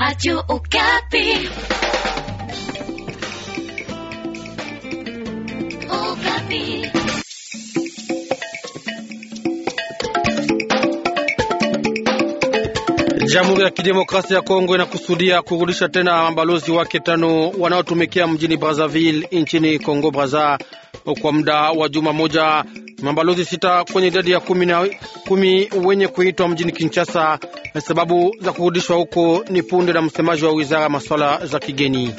Radio Okapi. Okapi. Jamhuri ya Kidemokrasia ya Kongo inakusudia kurudisha tena mabalozi wake tano wanaotumikia mjini Brazzaville nchini Kongo Brazza kwa muda wa juma moja, mabalozi sita kwenye idadi ya kumi, na, kumi wenye kuitwa mjini Kinshasa Sababu za kurudishwa huko ni punde na msemaji wa wizara ya masuala za kigeni.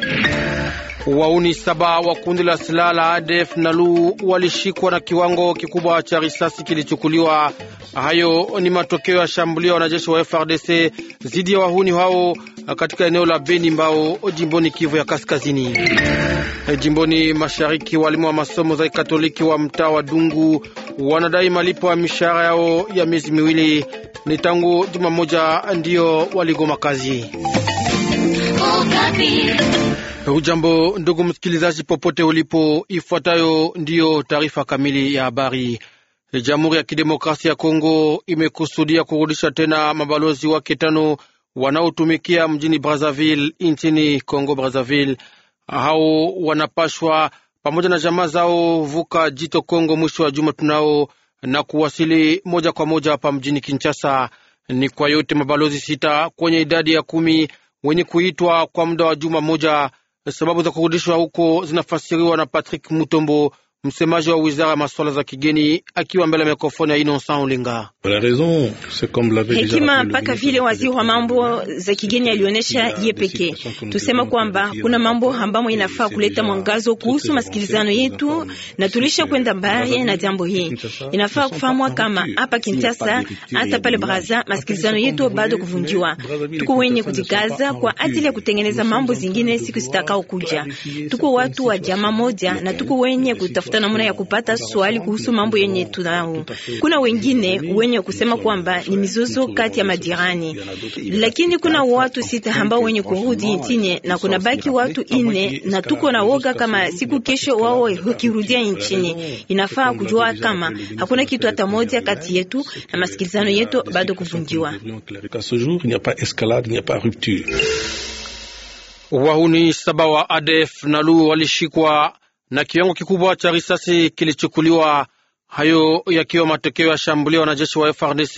Wauni saba wa kundi la silaha la ADF lu walishikwa na kiwango kikubwa cha risasi kilichukuliwa. Hayo ni matokeo ya shambulio ya wanajeshi wa FRDC dhidi ya wahuni hao katika eneo la Beni Mbao, jimboni Kivu ya Kaskazini. Jimboni Mashariki, walimu wa masomo za kikatoliki wa mtaa wa Dungu wanadai malipo ya mishahara yao ya miezi miwili ni tangu juma moja ndiyo waligoma kazi. Ujambo ndugu msikilizaji, popote ulipo, ifuatayo ndiyo taarifa kamili ya habari. Jamhuri ya Kidemokrasia ya Kongo imekusudia kurudisha tena mabalozi wake tano wanaotumikia mjini Brazzaville nchini Kongo Brazzaville. Hao wanapashwa pamoja na jamaa zao vuka jito Kongo mwisho wa juma tunao na kuwasili moja kwa moja hapa mjini Kinshasa. Ni kwa yote mabalozi sita kwenye idadi ya kumi wenye kuitwa kwa muda wa juma moja. Sababu za kurudishwa huko zinafasiriwa na Patrick Mutombo, msemaji wa wizara ya masuala za kigeni akiwa mbele ya mikrofoni ya Innocent Olinga. Hekima mpaka vile waziri wa mambo za kigeni alionyesha ye pekee, tusema kwamba kuna mambo ambamo inafaa kuleta mwangazo kuhusu masikilizano yetu, na tulisha kwenda mbali na jambo hii. Inafaa kufahamwa kama hapa Kinshasa, hata pale Braza, masikilizano yetu bado kuvunjiwa. Tuko wenye kujikaza kwa ajili ya kutengeneza mambo zingine siku zitakao kuja. Tuko watu wa jamaa moja na tuko wenye kutafuta kutafuta namna ya kupata swali kuhusu mambo yenye tunao. Kuna wengine wenye kusema kwamba ni mizozo kati ya majirani, lakini kuna watu sita ambao wenye kurudi nchini na kuna baki watu ine, na tuko na woga kama siku kesho wao wakirudia nchini. Inafaa kujua kama hakuna kitu hata moja kati yetu na masikilizano yetu bado kuvunjiwa. Wahuni saba wa ADF Nalu walishikwa na kiwango kikubwa cha risasi kilichukuliwa, hayo yakiwa matokeo ya shambulio wanajeshi wa frdc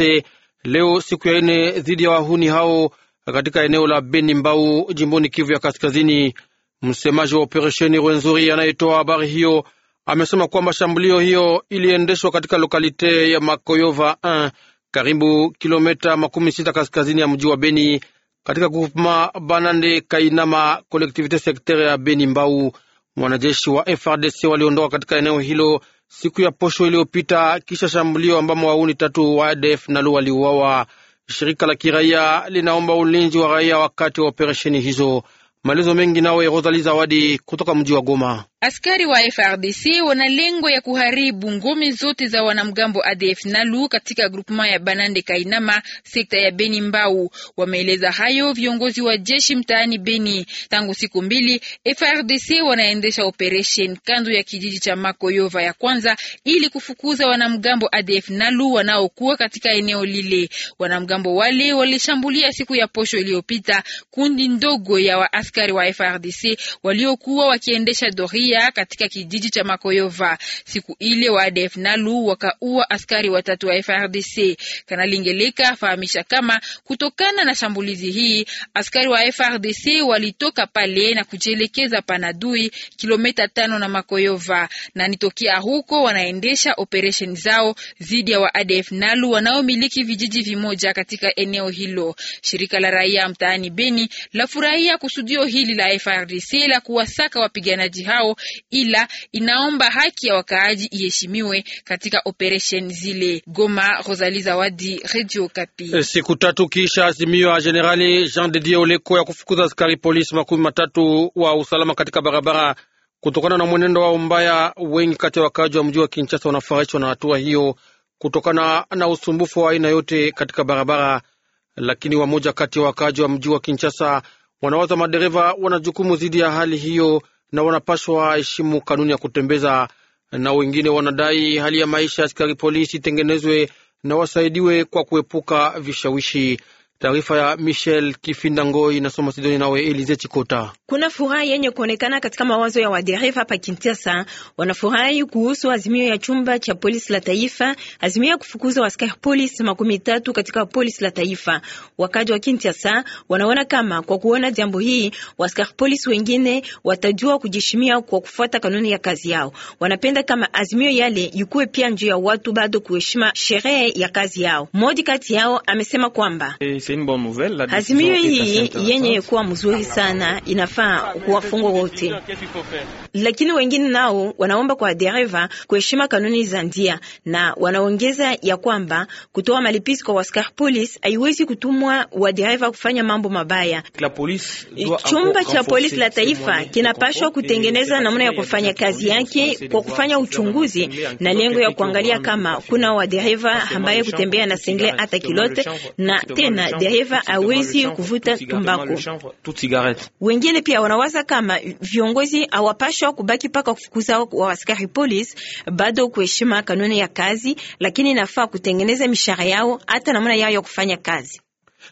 leo siku ya ine dhidi ya wahuni hao katika eneo la Beni Mbau, jimboni Kivu ya Kaskazini. Msemaji wa operesheni Rwenzuri anayetoa habari hiyo amesema kwamba shambulio hiyo iliendeshwa katika lokalite ya Makoyova 1 karibu kilometa makumi sita kaskazini ya mji wa Beni katika groupema Banande Kainama, kolektivite secteur ya Beni Mbau. Wanajeshi wa FRDC waliondoka katika eneo hilo siku ya posho iliyopita kisha shambulio ambamo wauni tatu wa ADF nalo waliuawa. Shirika la kiraia linaomba ulinzi wa raia wakati wa operesheni hizo. Maelezo mengi nawe Rosali Zawadi kutoka mji wa Goma. Askari wa FRDC wana lengo ya kuharibu ngome zote za wanamgambo ADF Nalu katika grupema ya Banande Kainama sekta ya Beni Mbau. Wameeleza hayo viongozi wa jeshi mtaani Beni. Tangu siku mbili, FRDC wanaendesha operation kando ya kijiji cha Makoyova ya kwanza ili kufukuza wanamgambo ADF Nalu wanaokuwa katika eneo lile. Wanamgambo wale walishambulia siku ya posho iliyopita kundi ndogo ya waaskari wa FRDC waliokuwa wakiendesha doria raia katika kijiji cha Makoyova. Siku ile wa ADF Nalu wakaua askari watatu wa FRDC. Kanali Ngeleka fahamisha kama kutokana na shambulizi hii askari wa FRDC walitoka pale na kujielekeza Panadui, kilomita tano na Makoyova, na nitokea huko wanaendesha operation zao dhidi ya wa ADF Nalu wanaomiliki vijiji vimoja katika eneo hilo. Shirika la raia mtaani Beni lafurahia kusudio hili la FRDC la kuwasaka wapiganaji hao ila inaomba haki ya wakaaji iheshimiwe katika operesheni zile. Goma, Rosali Zawadi, Radio Kapi. Eh, siku tatu kisha azimio ya Generali Jean de Dieu Oleko ya kufukuza askari polisi makumi matatu wa usalama katika barabara kutokana na mwenendo wao mbaya, wengi kati ya wakaaji wa mji wa Kinshasa wanafurahishwa na hatua hiyo kutokana na usumbufu wa aina yote katika barabara. Lakini wamoja kati ya wakaaji wa mji wa Kinshasa wanawaza madereva wana jukumu dhidi ya hali hiyo na wanapaswa heshimu kanuni ya kutembeza, na wengine wanadai hali ya maisha askari polisi itengenezwe na wasaidiwe kwa kuepuka vishawishi. Taarifa ya Michel Kifindangoi inasoma Sidoni nawe Elize Chikota. Kuna furaha yenye kuonekana katika mawazo ya wadereva hapa Kinshasa. Wanafurahi kuhusu azimio ya chumba cha polisi la taifa, azimio ya kufukuza askari polisi makumi tatu katika polisi la taifa. Wakaji wa Kinshasa wanaona kama kwa kuona jambo hii, askari polisi wengine watajua kujishimia kwa kufuata kanuni ya kazi yao. Wanapenda kama azimio yale ikuwe pia njuu ya watu bado kuheshima sherehe ya kazi yao. Mmoja kati yao amesema kwamba hey, eh, Azimio hii yenye kuwa mzuri sana inafaa kuwafungwa wote lakini wengine nao wanaomba kwa dereva kuheshima kanuni za njia, na wanaongeza ya kwamba kutoa malipizi kwa waskar polisi haiwezi kutumwa wa dereva kufanya mambo mabaya. Chumba cha polisi la taifa kinapashwa kutengeneza namna ya kufanya kazi yake kwa kufanya uchunguzi na lengo ya kuangalia kama kuna wadereva ambaye kutembea na sengle hata kilote, na tena dereva hawezi kuvuta tumbaku. Wengine pia wanawaza kama viongozi awapash wanapashwa kubaki paka kufukuza wa askari polisi, bado kuheshima kanuni ya kazi, lakini inafaa kutengeneza mishahara yao hata namna yao ya kufanya kazi.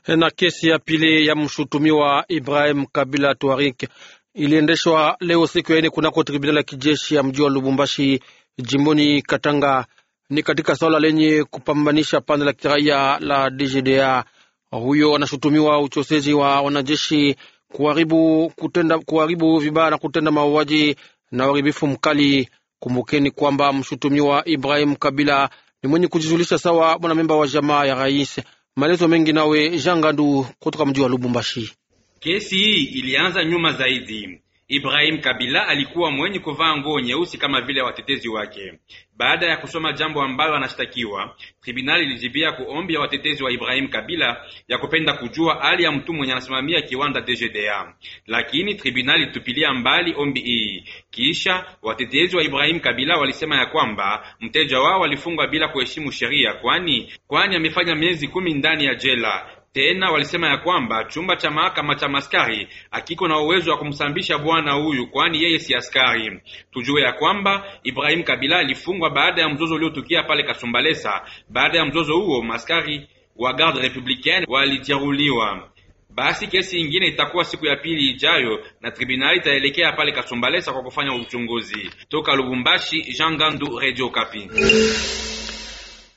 Na kesi ya pili ya mshutumiwa Ibrahim Kabila Tuarik iliendeshwa leo siku ya ine kunako tribunali ya kijeshi ya mji wa Lubumbashi jimboni Katanga. Ni katika swala lenye kupambanisha pande la kiraia la DGDA. Huyo anashutumiwa uchosezi wa wanajeshi kuharibu, kutenda, kuharibu vibaya na kutenda mauaji na uharibifu mkali. Kumbukeni kwamba mshutumiwa Ibrahim Kabila ni mwenye kujizulisha sawa mwanamemba wa jamaa ya rais. Maelezo mengi nawe Gandu kutoka mji wa Lubumbashi. Kesi hii ilianza nyuma zaidi Ibrahim Kabila alikuwa mwenye kuvaa nguo nyeusi kama vile watetezi wake. Baada ya kusoma jambo ambalo anashtakiwa, tribunali ilijibia kuombi ya watetezi wa Ibrahim Kabila ya kupenda kujua hali ya mtu mwenye anasimamia kiwanda DGDA, lakini tribunali ilitupilia mbali ombi hii. Kisha watetezi wa Ibrahim Kabila walisema ya kwamba mteja wao walifungwa bila kuheshimu sheria, kwani kwani amefanya miezi kumi ndani ya jela tena walisema ya kwamba chumba cha mahakama cha maskari akiko na uwezo wa kumsambisha bwana huyu, kwani yeye si askari. Tujue ya kwamba Ibrahim Kabila alifungwa baada ya mzozo uliotukia pale Kasumbalesa. Baada ya mzozo huo, maskari wa Garde Republicaine walijeruhiwa. Basi kesi ingine itakuwa siku ya pili ijayo na tribunali itaelekea pale Kasumbalesa kwa kufanya uchunguzi. Toka Lubumbashi, Jean Gandu, Radio Kapi.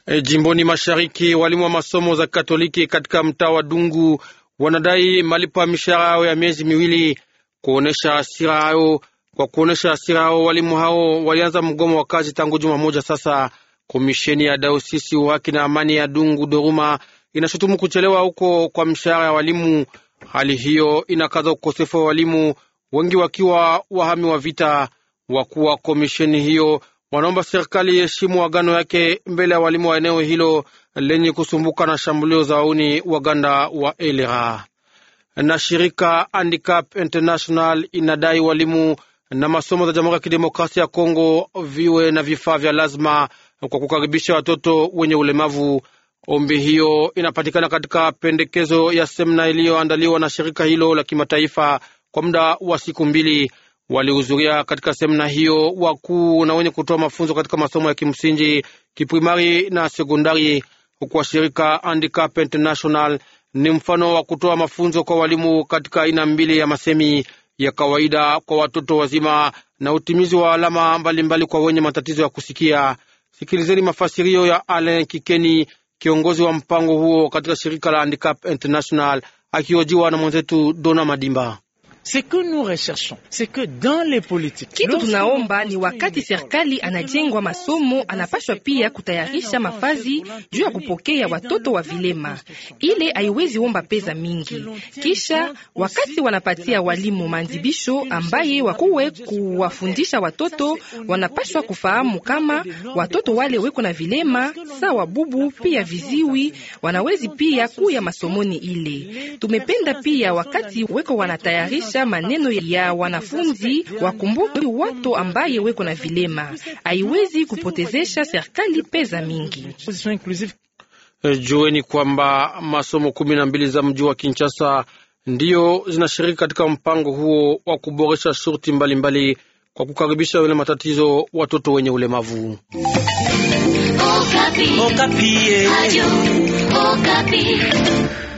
E, jimboni mashariki walimu wa masomo za Katoliki katika mtaa wa Dungu wanadai malipo ya mishahara yao ya miezi miwili. Kuonesha hasira hayo, kwa kuonesha hasira hao walimu hao walianza mgomo wa kazi tangu juma moja sasa. Komisheni ya Daosisi wa haki na amani ya Dungu Doruma inashutumu kuchelewa huko kwa mshahara ya walimu. Hali hiyo inakaza ukosefu wa walimu wengi wakiwa wahami wa vita. Wakuu wa komisheni hiyo wanaomba serikali iheshimu agano yake mbele ya walimu wa eneo hilo lenye kusumbuka na shambulio za wauni waganda wa elera. Na shirika Handicap International inadai walimu na masomo za Jamhuri ya Kidemokrasia ya Kongo viwe na vifaa vya lazima kwa kukaribisha watoto wenye ulemavu. Ombi hiyo inapatikana katika pendekezo ya semina iliyoandaliwa na shirika hilo la kimataifa kwa muda wa siku mbili Walihudhuria katika semina hiyo wakuu na wenye kutoa mafunzo katika masomo ya kimsingi, kiprimari na sekondari. Kwa shirika Handicap International ni mfano wa kutoa mafunzo kwa walimu katika aina mbili ya masemi ya kawaida kwa watoto wazima na utimizi wa alama mbalimbali mbali kwa wenye matatizo ya kusikia. Sikilizeni mafasirio ya Alain Kikeni, kiongozi wa mpango huo katika shirika la Handicap International, akihojiwa na mwenzetu Dona Madimba. Ce que nous recherchons, c'est que dans les politiques, kitu tunaomba ni wakati serikali anajengwa masomo, anapashwa pia kutayarisha mafazi juu ya kupokea watoto wa vilema. Ile haiwezi omba pesa mingi, kisha wakati wanapatia walimu maadhibisho ambaye wakuwe kuwafundisha watoto, wanapashwa kufahamu kama watoto wale weko na vilema sawa bubu pia viziwi wanawezi pia kuya masomoni ile. Tumependa pia wakati weko wanatayarisha kuonyesha maneno ya wanafunzi wakumbuke watu ambaye weko na vilema. Haiwezi kupotezesha serikali pesa mingi. Eh, jueni kwamba masomo kumi na mbili za mji wa Kinshasa ndiyo zinashiriki katika mpango huo wa kuboresha shurti mbalimbali kwa kukaribisha wale matatizo watoto wenye ulemavu. Okapi. Okapi. Eh.